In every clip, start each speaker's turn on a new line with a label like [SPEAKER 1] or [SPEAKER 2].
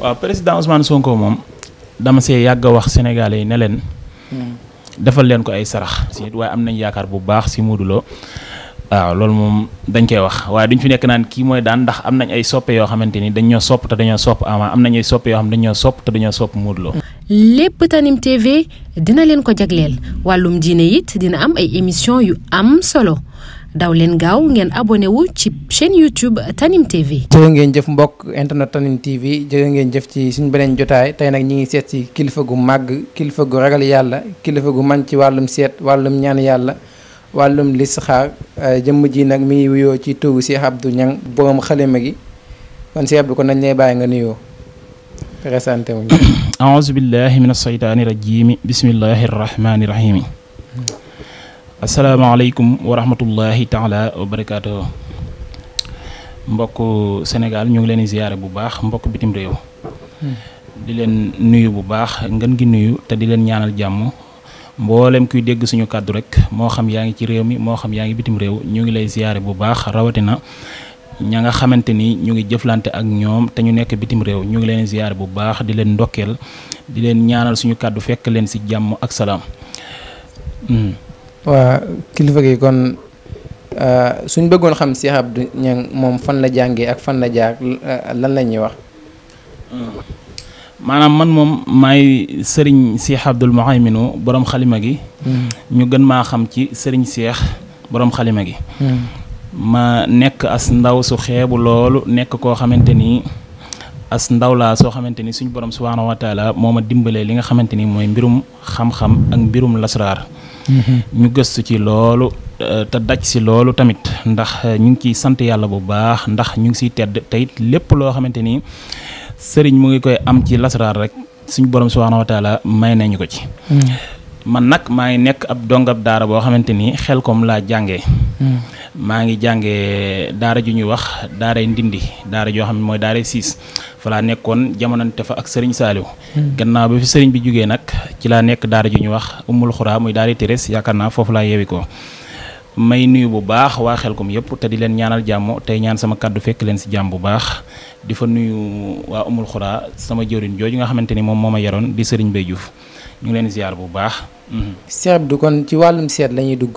[SPEAKER 1] waaw président Ousmane Sonko moom dama see yàgg a wax sénégalais yi ne leen. Hmm. defal leen ko ay sarax. si waaye am nañ yaakaar bu baax si Modou Lo waaw loolu moom dañ koy wax waaye duñ fi nekk naan kii mooy daan ndax am nañ ay soppe yoo xamante ni dañ ñoo sopp te dañoo sopp Ama am nañ ay soppe yoo xam dañ sopp te dañoo sopp Modou Lo.
[SPEAKER 2] lépp Tanim TV dina leen ko jagleel wàllum diine it dina am ay émission yu am solo. daw leen gaaw ngeen abonné wu ci chaîne YouTube Tanim TV. jërë ngeen jëf mbokk internet Tanim TV jërë ngeen jëf ci suñ beneen jotaay tey nag ñi ngi seet si kilifa gu màgg kilifa gu ragal yàlla kilifa gu man ci wàllum seet wàllum ñaan yàlla wàllum listixaar euh, jëmm ji nag mi ngi wuyoo ci turu Cheikh Abdou Niang borom xalima gi kon Cheikh Abdou kon nañ lay bàyyi nga nuyoo. présenté wuñ.
[SPEAKER 1] aouzu billahi min ashaytaani rajimi bismillahi rahmaani rahimi. asalaamaaleykum wa rahmatullahi taala wa barakaatu mbokk Sénégal ñu ngi leen di ziyaare bu baax mbokk bitim réew di leen nuyu bu baax ngeen gi nuyu te di leen ñaanal jàmm mbooleem kuy dégg suñu kàddu rek moo xam yaa ngi ci réew mi moo xam yaa ngi bitim réew ñu ngi lay ziyaare bu baax rawatina ña nga xamante ni ñu ngi jëflante ak ñoom te ñu nekk bitim réew ñu ngi leen ziyaare bu baax di leen ndokkeel di leen ñaanal suñu kàddu fekk leen ci jàmm ak salaam. Hmm.
[SPEAKER 2] waa kilifa gi kon euh, suñ bëggoon xam Cheikh Abdou Niang moom fan la jàngee ak fan la jaar euh, lan la ñuy wax.
[SPEAKER 3] Hmm.
[SPEAKER 1] maanaam man moom maay sëriñ Cheikh Abdoul Mouhayminu boroom xalima gi. Hmm. ñu gën maa xam ci sëriñ Cheikh boroom xalima gi. Hmm. ma nekk as ndaw su xeebu loolu nekk koo xamante ni as ndaw laa soo xamante ni suñu borom subhaanahu wa moo ma dimbalee li nga xamante ni mooy mbirum xam-xam ak mbirum lasraar. ñu gëstu ci loolu euh, te daj si loolu tamit ndax euh, ñu ngi ciy sant yàlla bu baax ndax ñu ngi siy tedd teyit lépp loo xamante ni sëriñ mu ngi koy am ci lasraar rek suñ borom subhaanahu wa taala may nañu ko ci mm. man nag maa ngi nekk ab dongab daara boo xamante ni xel kom laa jàngee. Hmm. maa ngi jàngee daara ju ñuy wax daaray ndindi daara joo xam ne mooy daaray siis fa laa nekkoon jamonante fa ak sëriñ Saaliw hmm. gannaaw ba fi sëriñ bi jógee nag ci laa nekk daara ju ñuy wax umul xuraa muy daaray Téres yaakaar naa foofu laa yeewi ko may nuyu bu baax waa xel xelkom yëpp te di leen ñaanal jàmm tey ñaan sama kàddu fekk leen si jàmm bu baax di fa nuyu waa umul xuraa sama joo jooju nga xamante ni moom moo ma yaroon di sëriñ Bay Juuf ñu ngi leen ziar bu baax. Mhm.
[SPEAKER 2] Cheikh Abdou kon ci wàllum seet lañuy dugg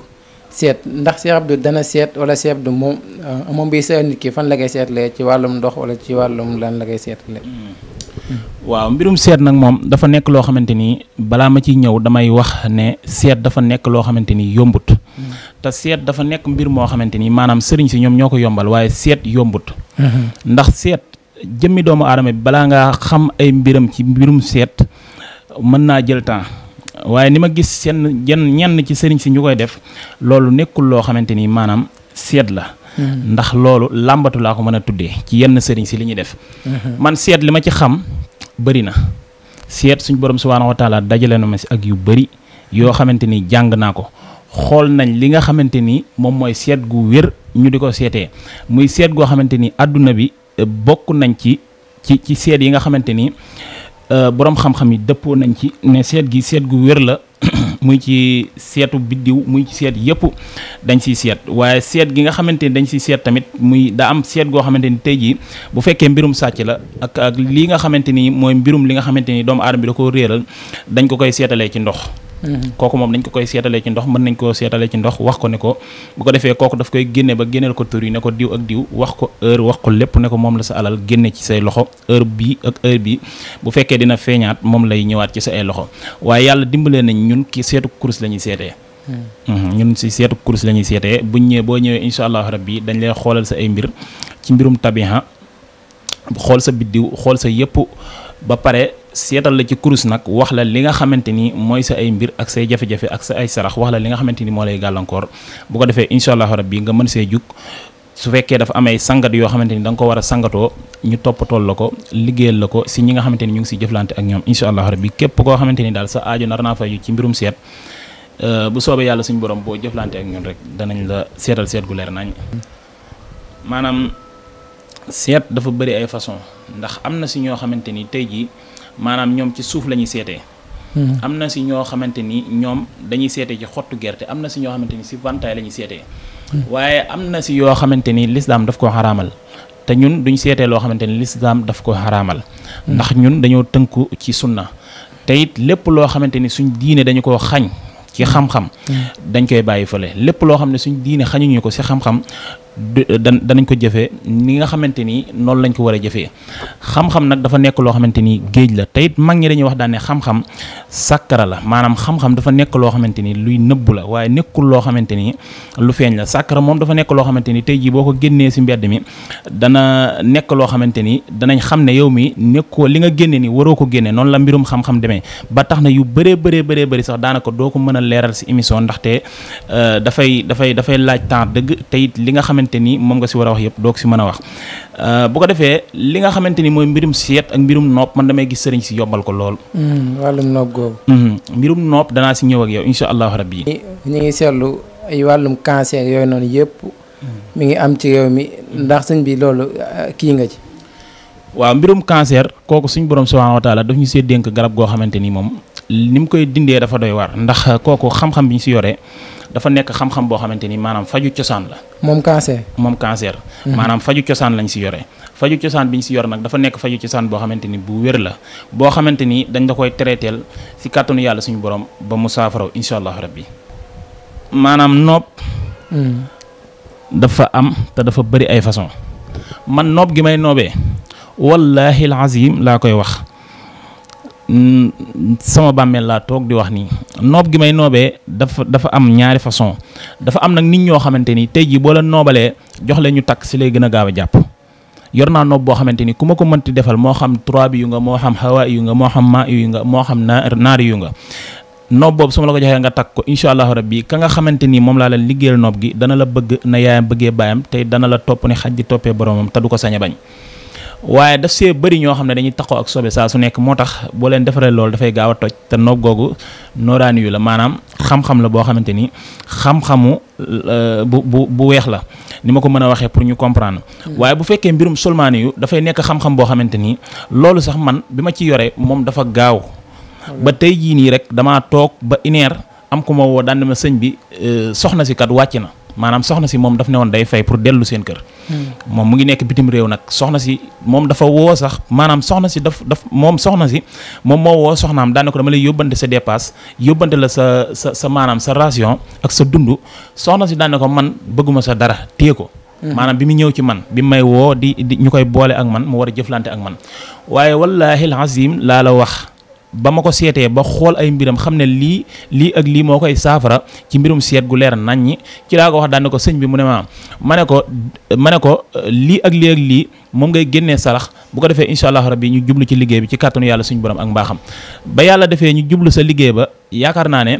[SPEAKER 2] seet ndax Cheikh Abdou dana seet wala Cheikh Abdou moom euh, moom bi sa nit fan la koy le ci wàllum ndox wala ci wàllum lan la koy seetlee.
[SPEAKER 3] Mhm.
[SPEAKER 1] waaw mbirum seet nag moom dafa nekk loo xamante ni balaa ma ciy ñëw damay wax ne seet dafa nekk loo xamante ni yombut. Mhm. te seet dafa nekk mbir moo xamante ni maanaam sëriñ si ñoom ñoo ko yombal waaye seet yombut. ndax seet jëmmi doomu aadama bi balaa ngaa xam ay mbiram ci mbirum seet. mën naa jël temps waaye ni ma gis seen jenn ñenn ci sëriñ si ñu koy def loolu nekkul loo xamante ni maanaam seet la. Mm-hmm. ndax loolu làmbatu laa ko mën a tuddee ci yenn sëriñ si li ñuy def. Mm-hmm. man seet li ma ci xam bëri na seet suñ borom subhaanahu wa taala dajale na ma si ak yu bëri yoo xamante ni jàng naa ko xool nañ li nga xamante ni moom mooy seet gu wér ñu di ko seetee muy seet goo xamante ni àdduna bi eh, bokk nañ ci ci seet yi nga xamante Euh, borom xam-xam yi dëppoo nañ ci ne seet gi seet gu wér la muy ci seetu biddiw muy ci seet yëpp dañ siy seet waaye seet gi nga xamante ni dañ siy seet tamit muy da am seet goo xamante ni tey jii bu fekkee mbirum sàcc la ak ak lii nga xamante nii mooy mbirum li nga xamante ni doomu aadama bi da koo réeral dañ ko koy seetalee ci ndox. kooku moom dañ ko koy seetalee ci ndox mën nañ koo seetalee ci ndox wax ko ne ko bu ko defee kooku daf koy génne ba génneel ko tur yi ne ko diw ak diw wax ko heure wax ko lépp ne ko moom la sa alal génne ci say loxo heure bii ak heure bi bu fekkee dina feeñaat moom lay ñëwaat ci sa ay loxo waaye yàlla dimbalee nañ ñun ki seetu kurus la ñuy seetee hmm. Hmm, ñun si seetu kurus la ñuy seetee buñ ñëwee boo ñëwee incha allahu rabbi dañ lay xoolal sa ay mbir ci mbirum tabiha xool sa biddiw xool sa yëpp ba pare seetal la ci kurus nag wax la li nga xamante ni mooy sa ay mbir ak say jafe-jafe ak sa ay sarax wax la li nga xamante ni moo lay gàllankoor bu ko defee incha allahu rabbi nga mën see jug su fekkee dafa am ay sangat yoo xamante ni da nga ko war a sangatoo ñu toppatool la ko liggéeyal la ko si ñi nga xamante ni ñu ngi si jëflante ak ñoom incha allahu rabbi képp koo xamante ni daal sa aajo nar naa faju ci mbirum seet euh, bu soobee yàlla suñu borom boo jëflante ak ñun rek danañ la seetal seet gu leer nañ maanaam seet dafa bëri ay façon ndax am na si ñoo xamante ni tey jii maanaam ñoom ci suuf la ñuy seetee. Hmm. am na si ñoo xamante ni ñoom dañuy seetee ci xottu gerte am na si ñoo xamante ni si vantaay la ñuy seetee. Hmm. waaye am na si yoo xamante ni lislaam daf koo xaraamal. te ñun duñ seetee loo xamante ni lislaam daf ko xaraamal. Hmm. ndax ñun dañoo tënku ci sunna te it lépp loo xamante ni suñ diine dañu koo xañ ci xam-xam. dañ koy bàyyi fële lépp loo xam ne suñ diine xañuñu ko si xam-xam Euh, dan danañ ko jëfee ni nga xamante ni noonu lañ ko war a jëfee xam-xam nag dafa nekk loo xamante ni géej la te it mag ñi dañuy wax daan ne xam-xam la maanaam xam dafa nekk loo xamante ni luy nëbbu la waaye nekkul loo xamante ni lu feeñ la sàkkara moom dafa nekk loo xamante ni tey jii boo ko génnee si mbedd mi dana nekk loo xamante ni danañ xam ne yow mi nekkoo li nga génne ni waroo ko génne noonu la mbirum xam-xam demee ba tax na yu bëree bëree bëree bëri sax daanaka doo ko mën a leeral si émission ndaxte euh, dafay dafay laaj temps dëgg te li nga xamante te nii moom nga si war a wax yëpp doog si mën a wax euh, bu ko defee li nga xamante ni mooy mbirum seet ak mbirum nopp man damay gis sëriñ si yombal ko lool.
[SPEAKER 2] Hmm, wàllum nopp
[SPEAKER 1] hmm, mbirum nopp danaa si ñëw ak yow incha allahu rabbi.
[SPEAKER 2] ñu ngi seetlu ay wàllum cancer yooyu noonu yëpp. mu hmm. ngi am ci réew mi ndax sëñ bi loolu euh, kii nga ci.
[SPEAKER 1] waaw mbirum cancer kooku suñ borom subhaanahu wa taala ñu see dénk garab goo xamante ni moom ni mu koy dindee dafa doy war ndax kooku xam-xam bi ñu si yoree dafa nekk xam-xam boo xamante ni maanaam faju cosaan la.
[SPEAKER 2] moom cancer.
[SPEAKER 1] moom cancer. Mhm. maanaam faju cosaan lañ si yore. faju cosaan bi ñu si yore nag dafa nekk faju cosaan boo xamante ni bu wér la boo xamante ni dañ la koy traiteel si kàttanu yàlla suñu borom ba mu saafaraw incha allah rabbi maanaam noob. Mhm. dafa am te dafa bëri ay façon man noob gi may noobee wallaahi alazim laa koy wax. sama bàmmeel laa toog di wax nii noob gi may noobee dafa dafa am ñaari façon dafa am nag nit ñoo xamante ni tey jii boo la noobalee jox leen ñu takk si lay gën a gaaw a jàpp yor naa noob boo xamante ni ku ma ko mënti defal moo xam trois bi yu nga moo xam xawaa yu nga moo xam maa yu nga moo xam naar naari yu nga noob boobu su ma la ko joxee nga takk ko incha allahu rabbi ka nga xamante ni moom laa la liggéeyal noob gi dana la bëgg na yaayam bëggee baayam tey dana la topp ne xaj di toppee boromam te du ko sañ a waaye daf see bëri ñoo xam ne dañuy taxaw ak sobe saa su nekk moo tax boo leen defaree loolu dafay gaaw a toj te noog googu nooraani yu la maanaam xam-xam la boo xamante ni xam-xamu euh, bu bu weex la ni ma ko mën a waxee pour ñu comprendre. Hmm. waaye bu fekkee mbirum solmaani yu dafay nekk xam boo xamante ni loolu sax man bi ma ci yore moom dafa gaaw. Hmm. ba tey jii nii rek damaa toog ba ineer am ku ma woo daan ma sëñ bi euh, soxna si kat wàcc na maanaam soxna si moom daf ne woon day fay pour dellu seen kër. moom mu ngi nekk bitim réew nag soxna si moom dafa woo sax maanaam soxna si daf daf moom soxna si moom moo woo soxnaam daane ko dama lay yóbbante sa dépasse yóbbante la sa sa sa maanaam sa ration ak sa dund soxna si daane ko man bëgguma sa dara téye ko hmm. maanaam bi mu ñëw ci man bi may woo di di ñu koy boole ak man mu war a jëflante ak man waaye wallaahi laa la wax ba ma ko seetee ba xool ay mbiram xam ne lii lii ak lii moo koy saafara ci mbirum seet gu leer naññi ci laa ko wax daan ne ko sëñ bi mu ne ma ma ne ko ma ne ko lii ak lii ak lii moom ngay génnee sarax bu ko defee incha allah rabbi ñu jublu ci liggéey bi ci kàttanu yàlla suñu borom ak mbaaxam ba yàlla defee ñu jublu sa liggéey ba yaakaar naa ne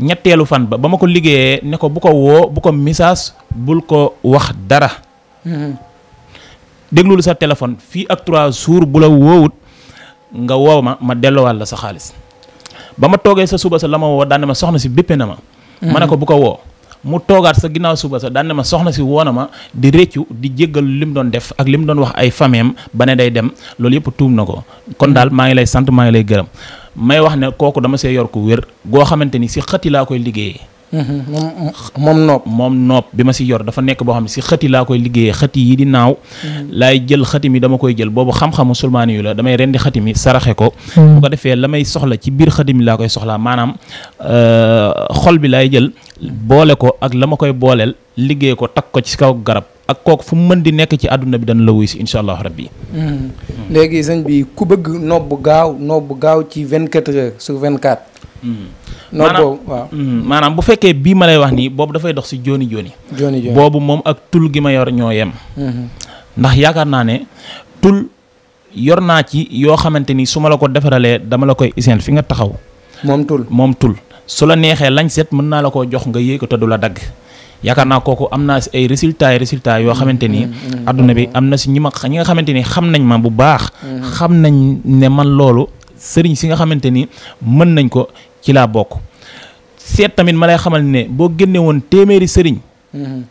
[SPEAKER 1] ñetteelu fan ba ba ma ko liggéeyee ne ko bu ko woo bu ko message bul ko wax dara hmm. déglul sa téléphone fii ak trois bu la woowut nga woo ma ma delloowaat la sa xaalis ba ma toogee sa suba sa la ma woo daan ma soxna si béppé na ma.
[SPEAKER 3] Mm-hmm. ma ne ko
[SPEAKER 1] bu ko woo. mu toogaat sa ginnaaw suba sa daan na ma soxna si woon na ma di réccu di li mu doon def ak li mu doon wax ay fameem ba ne day dem loolu yëpp tuum na ko. kon daal maa ngi lay sant maa ngi lay gërëm may wax ne kooku dama see yor ku wér goo xamante ni si xëti laa koy liggéeyee. Mm-hmm. moom moom nopp. moom nopp bi ma si yor dafa nekk boo xam si xëti laa koy liggéeyee xëti yi di naaw. Mm-hmm. laay jël xëti mi dama koy jël boobu xam-xamu sulmaani yu la damay rendi xëti mi saraxe ko. Mm-hmm. bu defee la may soxla ci biir xëti mi laa koy soxlaa maanaam euh, xol bi laay jël boole ko ak la ma koy booleel liggéey ko takk ko ci kaw garab ak kooku fu mën di nekk ci àdduna bi dana la wuy si incha allah rabbi.
[SPEAKER 2] léegi sëñ bi ku bëgg nopp gaaw nopp gaaw ci 24 heures
[SPEAKER 3] Hmm.
[SPEAKER 1] noot boobu waaw hmm. maanaam bu fekkee bii ma lay wax nii boobu dafay dox si jooni jooni jooni jooni boobu moom ak tul gi ma yor ñoo yem hmm. ndax yaakaar naa ne tul yor naa ci yoo xamante ni su ma la ko defaralee dama la koy isin fi nga taxaw moom tul moom tul su la neexee lañ set mën naa la koo jox nga yéeg ko te du la dagg yaakaar naa kooku am naa si ay résultat yi yoo xamante ni adduna bi am na si ñi ma ñi nga xamante ni xam nañ ma bu baax xam nañ ne man loolu sëriñ si nga xamante ni mën nañ ko ci laa bokk seet tamit ma lay xamal ne boo génne woon téeméeri sëriñ mhm.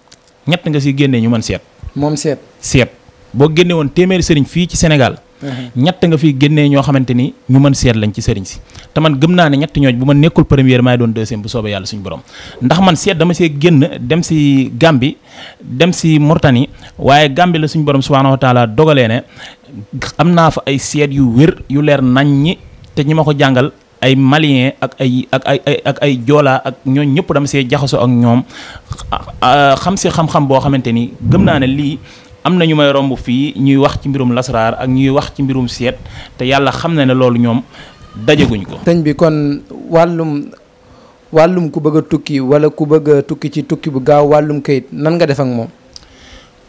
[SPEAKER 1] ñett nga si génne ñu mën seet moom seet seet boo génne woon téeméeri sëriñ fii ci Sénégal mhm. ñett nga fi génnee ñoo xamante ni ñu mën seet lañ ci sëriñ si te man gëm naa ne ñett ñooñ bu ma nekkul première maay doon deuxième bu soobee yàlla suñu borom ndax man seet dama see génn dem si gàmbi dem si mortani waaye gàmbi la suñu borom subhaanahu wa dogalee ne am naa fa ay seet yu wér yu leer nañ ñi te ñi ma ko jàngal ay malien ak ay ak ay ak joolaa ak ñooñ ñëpp dama see jaxasoo ak ñoom ah, xam si xam-xam boo xamante ni gëm naa ne lii am na ñu may romb fii ñuy wax ci mbirum lasraar ak ñuy wax ci mbirum seet te yàlla xam na ne loolu ñoom dajaguñ ko.
[SPEAKER 2] sëñ bi kon wàllum wàllum ku bëgg tukki wala ku bëgg tukki ci tukki bu gaaw wàllum kayit nan nga def ak moom.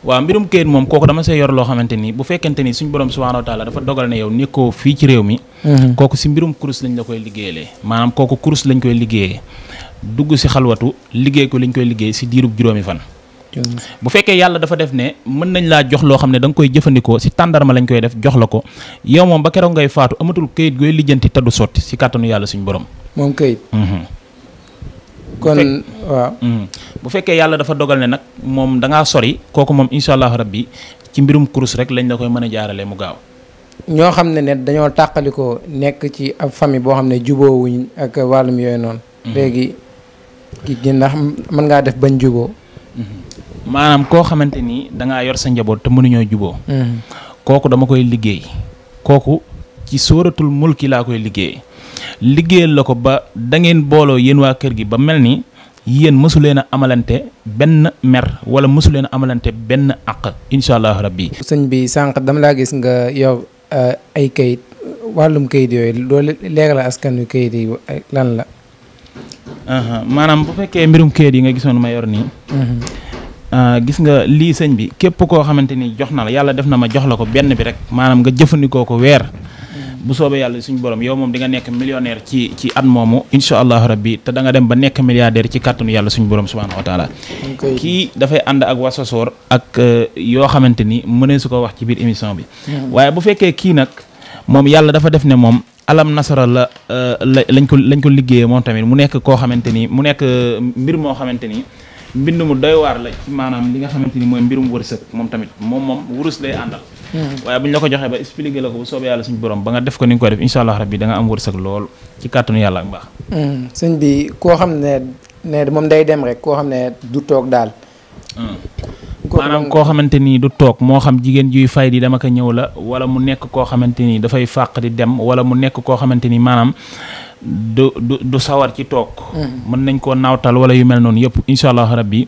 [SPEAKER 1] waaw mbirum kayit moom kooku dama see yor loo xamante ni bu fekkente ni suñ borom subhaanahu wa taala dafa dogal ne yow nekkoo fii ci réew mi mhm. kooku si mbirum kurus lañ la koy liggéeyalee maanaam kooku kurus lañ koy liggéeyee dugg si xalwatu liggéey ko lañ koy liggéey si diirub juróomi fan bu fekkee yàlla dafa def ne mën nañ laa jox loo xam ne da nga koy jëfandikoo si tàndarma lañ koy def jox la ko yow moom ba keroog ngay faatu amatul kayit gooy lijjanti te du sotti si kàttanu yàlla borom kon waaw. Mm. bu fekkee yàlla dafa dogal ne nag moom da sori kooku moom incha allahu rabbi ci mbirum kurus rek lañ la koy mën a jaaralee mu gaaw.
[SPEAKER 2] ñoo xam ne ne dañoo tàqalikoo nekk ci ab famille boo xam ne juboowuñ ak wàllum yooyu noonu. Mm-hmm. léegi ki gi ndax mën ngaa def bañ juboo
[SPEAKER 1] mm-hmm. maanaam koo xamante ni danga yor sa njaboot te mënuñoo juboo mm-hmm. kooku dama koy liggéey. kooku ci sóoratul mulki laa koy liggéey liggéeyal la ko ba dangeen booloo yéen waa kër gi ba mel ni yéen mësu leen a amalante benn mer wala mësu leen a amalante benn àq incha allah rabbi.
[SPEAKER 2] sëñ bi sànq dama laa gis nga yow eh, ay kayit wàllum kayit yooyu doo leeral askan wi kayit yi lan la.
[SPEAKER 1] maanaam bu fekkee mbirum kayit yi nga gisoon ma yor nii. Mhm. Ah, gis nga lii sëñ bi képp koo xamante ni jox na la yàlla def na ma jox la ko benn bi rek maanaam nga jëfandikoo ko weer. bu soobee yàlla suñu borom yow moom di nga nekk millionnaire ci ci at moomu incha allahu rabbi te da nga dem ba nekk milliardaire ci kàttanu yàlla suñu borom subhaanahu wa kii dafay ànd ak wasasoor ak euh, yoo xamante ni mënee su ko wax ci biir émission bi hmm. waaye bu fekkee kii nag moom yàlla dafa def ne moom alam nasara euh, la lañ ko lañ ko liggéeyee moom tamit mu nekk koo xamante ni mu nekk euh, mbir moo xamante ni mbind mu doy waar la ci maanaam li nga xamante ni mooy mbirum wërsëg moom tamit moom moom wurus lay àndal hmm. waaye bu ñu la ko joxee ba expliqué la ko bu soobee yàlla suñu borom ba nga def ko ni nga koy def incha allah rabbi da nga am wërsëg
[SPEAKER 2] hmm. bi koo xam ne ne moom day dem rek koo xam ne du toog daal
[SPEAKER 3] hmm.
[SPEAKER 1] maanaam koo xamante ni du toog moo xam jigéen juy fay di dama ko ñëw la wala mu nekk koo xamante ni dafay fàq di dem wala mu nekk koo xamante ni maanaam du du du sawar ci toog. Mm. mën nañ koo naawtal wala yu mel noonu yëpp incha allah rabbi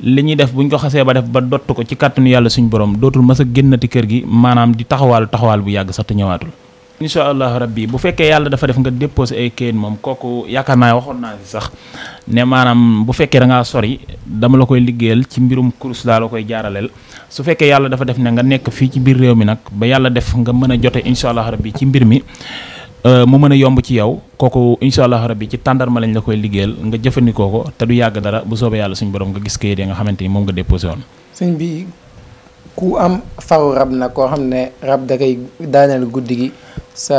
[SPEAKER 1] li ñuy def buñ ko xasee ba def ba dott ko ci kàttanu yàlla suñu borom dootul mës a génnati kër gi maanaam di taxawaalu taxawaal bu yàgg sax te ñëwaatul. incha allah rabbi bu fekkee yàlla dafa def nga déposé ay kayit moom kooku yaakaar naa waxoon naa si sax ne maanaam bu fekkee da ngaa sori dama la koy liggéeyal ci mbirum kurus laa la koy jaaraleel su fekkee yàlla dafa def ne nga nekk fii ci biir réew mi nag ba yàlla def nga mën a jote incha allah rabbi ci mbir mi. Euh, mu mën a yomb ci yow kooku incha allah rabbi ci tàndarma lañ la koy liggéeyal nga jëfandikoo ko te du yàgg dara bu soobee yàlla suñ borom nga gis kayit yi nga xamante ni moom nga déposé woon.
[SPEAKER 2] sëñ bi ku am faru rab na koo xam ne rab da koy daaneel guddi gi sa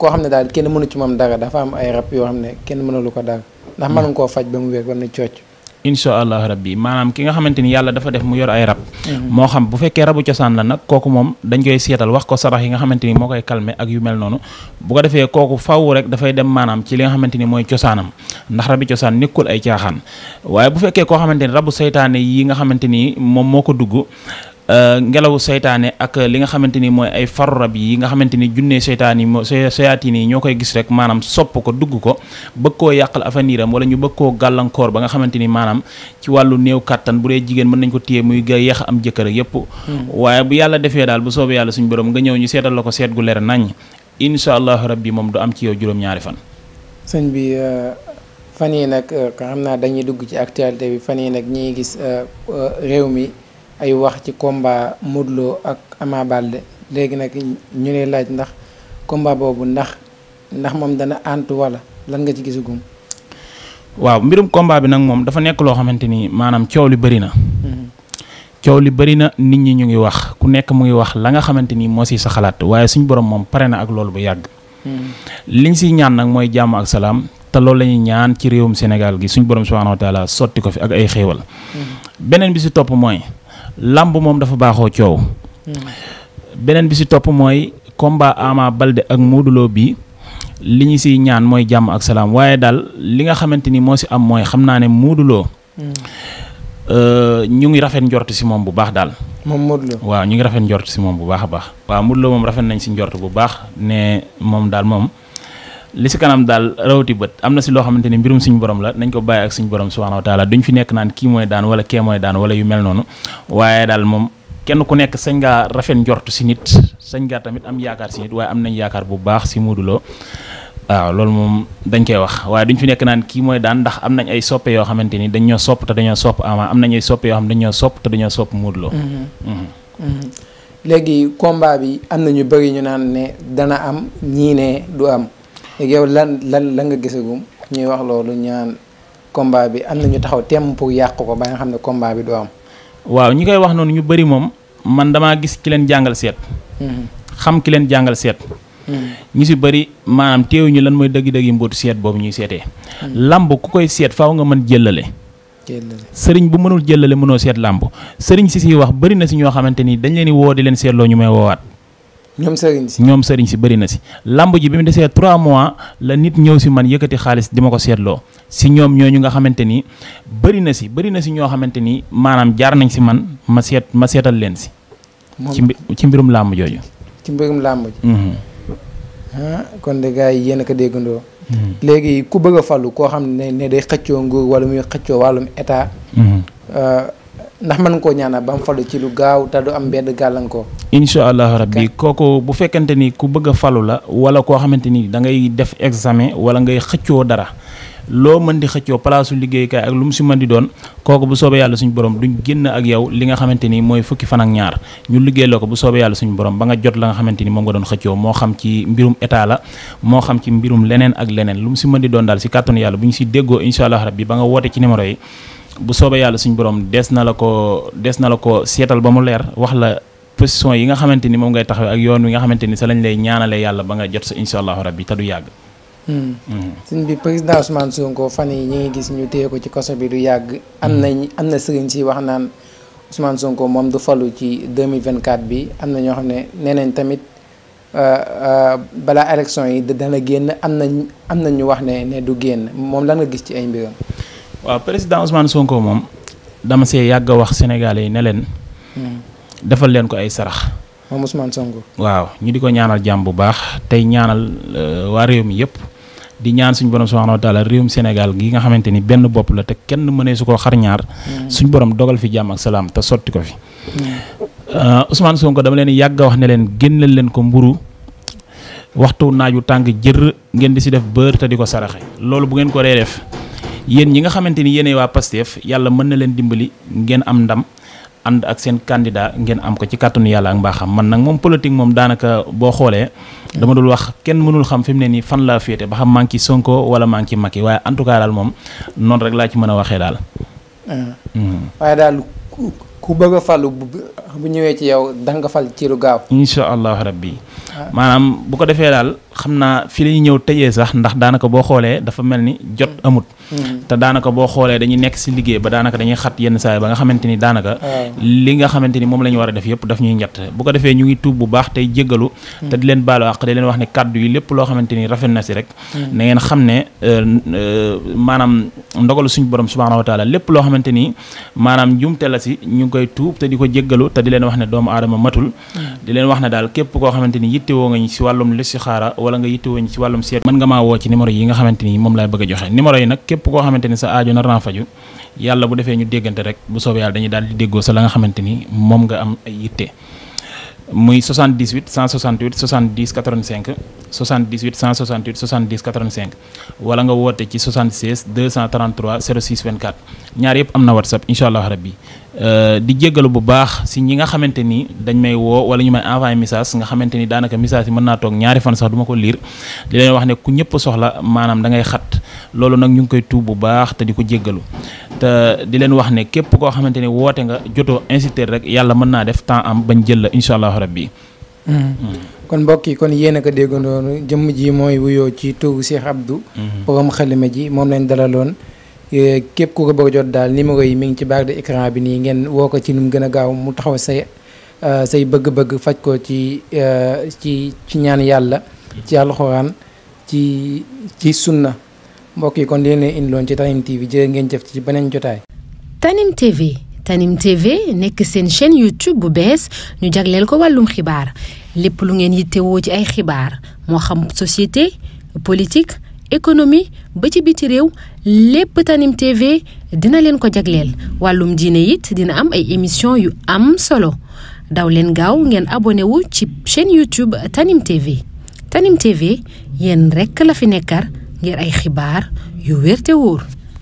[SPEAKER 2] koo xam ne daal kenn mënu ci moom dara dafa am ay rab yoo xam ne kenn mënalu ko dara ndax mën nga koo faj
[SPEAKER 1] ba mu wér ba mu ne cocc incha allah rabbi maanaam ki nga xamante ni yàlla dafa def mu yor ay rab moo xam bu fekkee rabu cosaan la nag kooku moom dañ koy seetal wax ko sarax yi nga xamante ni moo koy calmer ak yu mel noonu bu ko defee kooku faw rek dafay dem maanaam ci li nga xamante ni mooy cosaanam ndax rabi cosaan nekkul ay caaxaan waaye bu fekkee koo xamante ni rabu saytaane yi nga xamante ni moom moo ko dugg Euh, ngelaw seytaane ak li nga xamante ni mooy ay faru rab yi nga xamante ni junne seytaan yi moo seyaatiin yi ñoo koy gis rek maanaam sopp ko dugg ko bëgg koo yàqal afaniram wala ñu bëgg koo gàllankoor ba nga xamante ni maanaam ci wàllu néew kàttan bu dee jigéen mën nañ ko téye muy ga yeex am jëkkër ak yépp hmm. waaye bu yàlla defee daal bu soobee yàlla suñu boroom nga ñëw ñu seetal la ko seet gu leer nañ incha allahu rabbi moom du am ci yow juróom-ñaari fan
[SPEAKER 2] sëñ euh, yi nag euh, xam naa dañuy dugg ci actualité bi fan yi nag ñi gis réew mi ay wax ci komba mutloo ak Ama Baldé léegi nag ñu lay laaj ndax combat boobu ndax ndax moom dana antu wala lan nga ci gisagum.
[SPEAKER 1] waaw mbirum combat bi nag moom dafa nekk loo xamante ni maanaam coow li bëri na. Mm-hmm. coow li bëri na nit ñi ñu ngi wax ku nekk mu ngi wax la nga xamante ni moo si sa xalaat waaye suñ borom moom pare na ak loolu bu yàgg. Mm-hmm. liñ siy ñaan nag mooy jàmm ak salaam te loolu la ñuy ñaan ci réewum senegal gi suñ borom subhaanahu wa sotti ko fi ak ay xéewal. Mm-hmm. làmb moom dafa baaxoo coow. Hmm. beneen bi si topp mooy combat Ama Balde ak muuduloo Lo bi li ñu siy ñaan mooy jàmm ak salaam waaye daal li nga xamante ni moo si am mooy xam naa ne muuduloo Lo. Hmm. Euh, ñu ngi rafet njort si moom bu baax daal. moom Modou waaw ñu ngi rafet njortu si moom bu baax a baax. waa Modou moom rafet nañ si njort bu baax ne moom daal moom. li si kanam daal rawati bët am na si loo xamante ni mbirum suñu borom la nañ ko bàyyi ak suñu borom subhanahu wa taala duñ fi nekk naan kii mooy daan wala kee daan wala yu mel noonu waaye daal moom kenn ku nekk sañ ngaa rafet njort si nit sañ ngaa tamit am yaakaar si nit waaye am nañ yaakaar bu baax si Modou Lo waaw loolu moom dañ koy wax waaye duñ fi nekk naan kii mooy daan ndax am nañ ay soppe yoo xamante ni dañ ñoo sopp te dañoo sopp ama am nañ ay soppe yoo xam dañ ñoo sopp te dañoo sopp Modou Lo mm-hmm. Mm-hmm.
[SPEAKER 3] Mm-hmm.
[SPEAKER 2] léegi combat na ñu bëri ñu naan ne léegi lan lan la nga gisagum ñuy wax loolu ñaan combat bi am na ñu taxaw temm pour yàq ko ba nga xam ne combat bi du am.
[SPEAKER 1] waaw ñi koy wax noonu ñu bëri moom man damaa gis ki leen jàngal seet. Mhm. xam ki leen jàngal seet. Mhm. ñu si bari bëri maanaam teewuñu lan mooy dëgg-dëgg yi mbootu seet boobu ñuy seetee. Mhm. làmb ku koy seet faaw nga mën jëllale. sëriñ bu mënul jëllale mënoo seet làmb sëriñ si si wax bari na si ñoo xamante ni dañ leen di woo di leen seetloo ñu may woowaat. ñoom sëriñ si ñoom sëriñ si bëri na si lamb ji bi mu desee trois mois la nit ñëw si man yëkkati xaalis di ma ko seetloo si ñoom ñooñu nga xamante ni bëri na si bëri na si ñoo xamante ni maanaam jaar nañ si man ma seet ma seetal leen si. ci mbirum làmb jooju.
[SPEAKER 2] ci mbirum làmb ji. Mhm. ah kon de gars yi yéen a ko déggandoo. Mhm. léegi ku bëgg a falu koo xam ne ne day xëccoo nguur wala muy xëccoo wàllum état. Mhm. Euh, ndax mën nga koo ñaanal ba mu falu ci lu gaaw te du am benn gàllankoor.
[SPEAKER 1] incha allah rabbi kooku bu fekkante ni ku bëgg a falu la wala koo xamante ni dangay def examen wala ngay xëccoo dara. loo mën di xëccoo palaasu liggéeykaay ak lu mu si mën di doon kooku bu soobee yàlla suñu borom duñ génn ak yow li nga xamante ni mooy fukki fan ak ñaar ñu liggéeyloo ko bu soobee suñu borom ba nga jot la nga xamante ni moom nga doon xëccoo moo xam ci mbirum état la moo xam ci mbirum leneen ak leneen lu mu si mën di doon daal si kàttanu yàlla bu ñu si déggoo incha allah rabbi ba nga woote ci numéro yi bu soobee yàlla suñu borom des na la ko des na la ko seetal ba mu leer wax la position yi nga xamante ni moom ngay taxawee ak yoon wi nga xamante ni sa lañ lay ñaanalee yàlla ba nga jot sa incha allahu rabbi te du yàgg. Hmm. Hmm.
[SPEAKER 2] suñ bi président Ousmane Sonko fan yi ñu ngi gis ñu téye ko ci kaso bi du yàgg. am hmm. nañ am na sëriñ si wax naan Ousmane Sonko moom du falu ci 2024 bi am na ñoo xam ne nee nañ tamit euh, euh, balaa élection yi dana génn am nañ am na ñu wax ne ne du génn moom lan nga gis ci ay mbiram.
[SPEAKER 1] waaw président Ousmane Sonko moom dama see yàgg a wax sénégalais yi ne leen. Hmm. defal leen ko ay sarax.
[SPEAKER 2] moom Ousmane Sonko.
[SPEAKER 1] waaw ñu di ko ñaanal jàmm bu baax tey ñaanal euh, waa réew mi yëpp di ñaan suñu borom subhanahu réewum Sénégal gi nga xamante ni benn bopp la te kenn mënee su koo xar ñaar. Hmm. suñu borom dogal fi jàmm salaam te sotti ko fi.
[SPEAKER 3] Hmm.
[SPEAKER 1] Euh, Ousmane Sonko dama leen yàgg a wax ne leen génneel leen ko mburu waxtu naaju tàng jër ngeen di si def bër te di ko saraxe loolu bu ngeen ko dee def. yéen ñi nga xamante ni yéenay waa Pastef yàlla mën na leen dimbali ngeen am ndam ànd ak seen candidat ngeen am ko ci kàttanu yàlla ak mbaaxam man nag moom politique moom daanaka boo xoolee dama dul wax kenn mënul xam fi mu ne nii fan laa féete ba xam maa ngi ci Sonko wala maa ngi ci Macky waaye en daal moom noonu rek laa ci mën a waxee daal. Ah. Hmm.
[SPEAKER 2] waaye daal ku bëgg a falu bu
[SPEAKER 1] ñëwee ci yow da nga fal ci lu gaaw. incha allah rabbi ah. maanaam bu ko defee daal. xam naa fi la ñëw tëjee sax ndax daanaka boo xoolee dafa mel ni jot mm. amut mm. te daanaka boo xoolee dañuy nekk si liggéey ba daanaka dañuy xat yenn saa ba nga xamante ni daanaka li nga xamante ni moom la ñu war a def yëpp daf ñuy ñett bu ko defee ñu ngi tuub bu baax tey jéggalu mm. te di leen baalu àq di leen wax ne kàddu yi lépp loo xamante ni rafet na si rek na ngeen xam ne euh, euh, maanaam ndogalu suñu borom subhaanahu wa lépp loo xamante ni maanaam njumte la si ñu ngi koy tuub te di ko jéggalu te di wax ne doomu aadama matul di leen wax ne daal képp koo xamante ni nga ñu si wàllum listixaara wala nga yittewuñ ci wàllum seet mën nga maa woo ci numéro yi nga xamante ni moom laay bëgg a joxe numéro yi nag képp koo xamante ni sa aajo nar naa yàlla bu defee ñu déggante rek bu soobee yàlla dañuy daal di déggoo sa la nga xamante moom nga am ay yitte muy 78 168 70 85 78 168 70 85 wala nga woote ci 76 233 06 24 ñaar yëpp am na whatsapp incha allah rabbi euh, di jéggalu bu baax si ñi nga xamante ni dañ may woo wala ñu may envoyé message nga xamante ni daanaka message yi mën naa toog ñaari fan sax du ko liir di leen wax ne ku ñëpp soxla maanaam da loolu nag ñu ngi koy tuub bu baax te di ko jéggalu te di leen wax ne képp koo xamante ni woote nga jotoo incité rek yàlla mën naa def temps am bañ jël la incha allah rabbi
[SPEAKER 3] hmm. Hmm.
[SPEAKER 2] kon mbokk yi kon yéen a ko déggandoonu jëmm ji mooy wuyoo ci tuubu Cheikh Abdou. Hmm. borom xalima ji moom lañ dalaloon. Eh, képp ku ko bëgg jot daal numéro yi mi ngi ci barre de écran bi nii ngeen woo ci nu mu gën a gaaw mu taxaw say eh, say bëgg-bëgg faj ko ci eh, ci ci ñaan yàlla. ci alxuraan ci ci sunna. mbokk yi kon leen indiloon ci Tanim TV jërë ngeen jëf ci beneen jotaay. Tanim TV Tanim TV nekk seen chaîne YouTube bu bees ñu jagleel ko wàllum xibaar lépp lu ngeen yittewoo ci ay xibaar moo xam société politique économie ba ci biti réew lépp Tanim TV dina leen ko jagleel wàllum diine it dina am ay émission yu am solo daw leen gaaw ngeen abonné wu ci chaîne YouTube Tanim TV Tanim TV yéen rekk la fi nekkar. ngir ay xibaar yu wér te wóor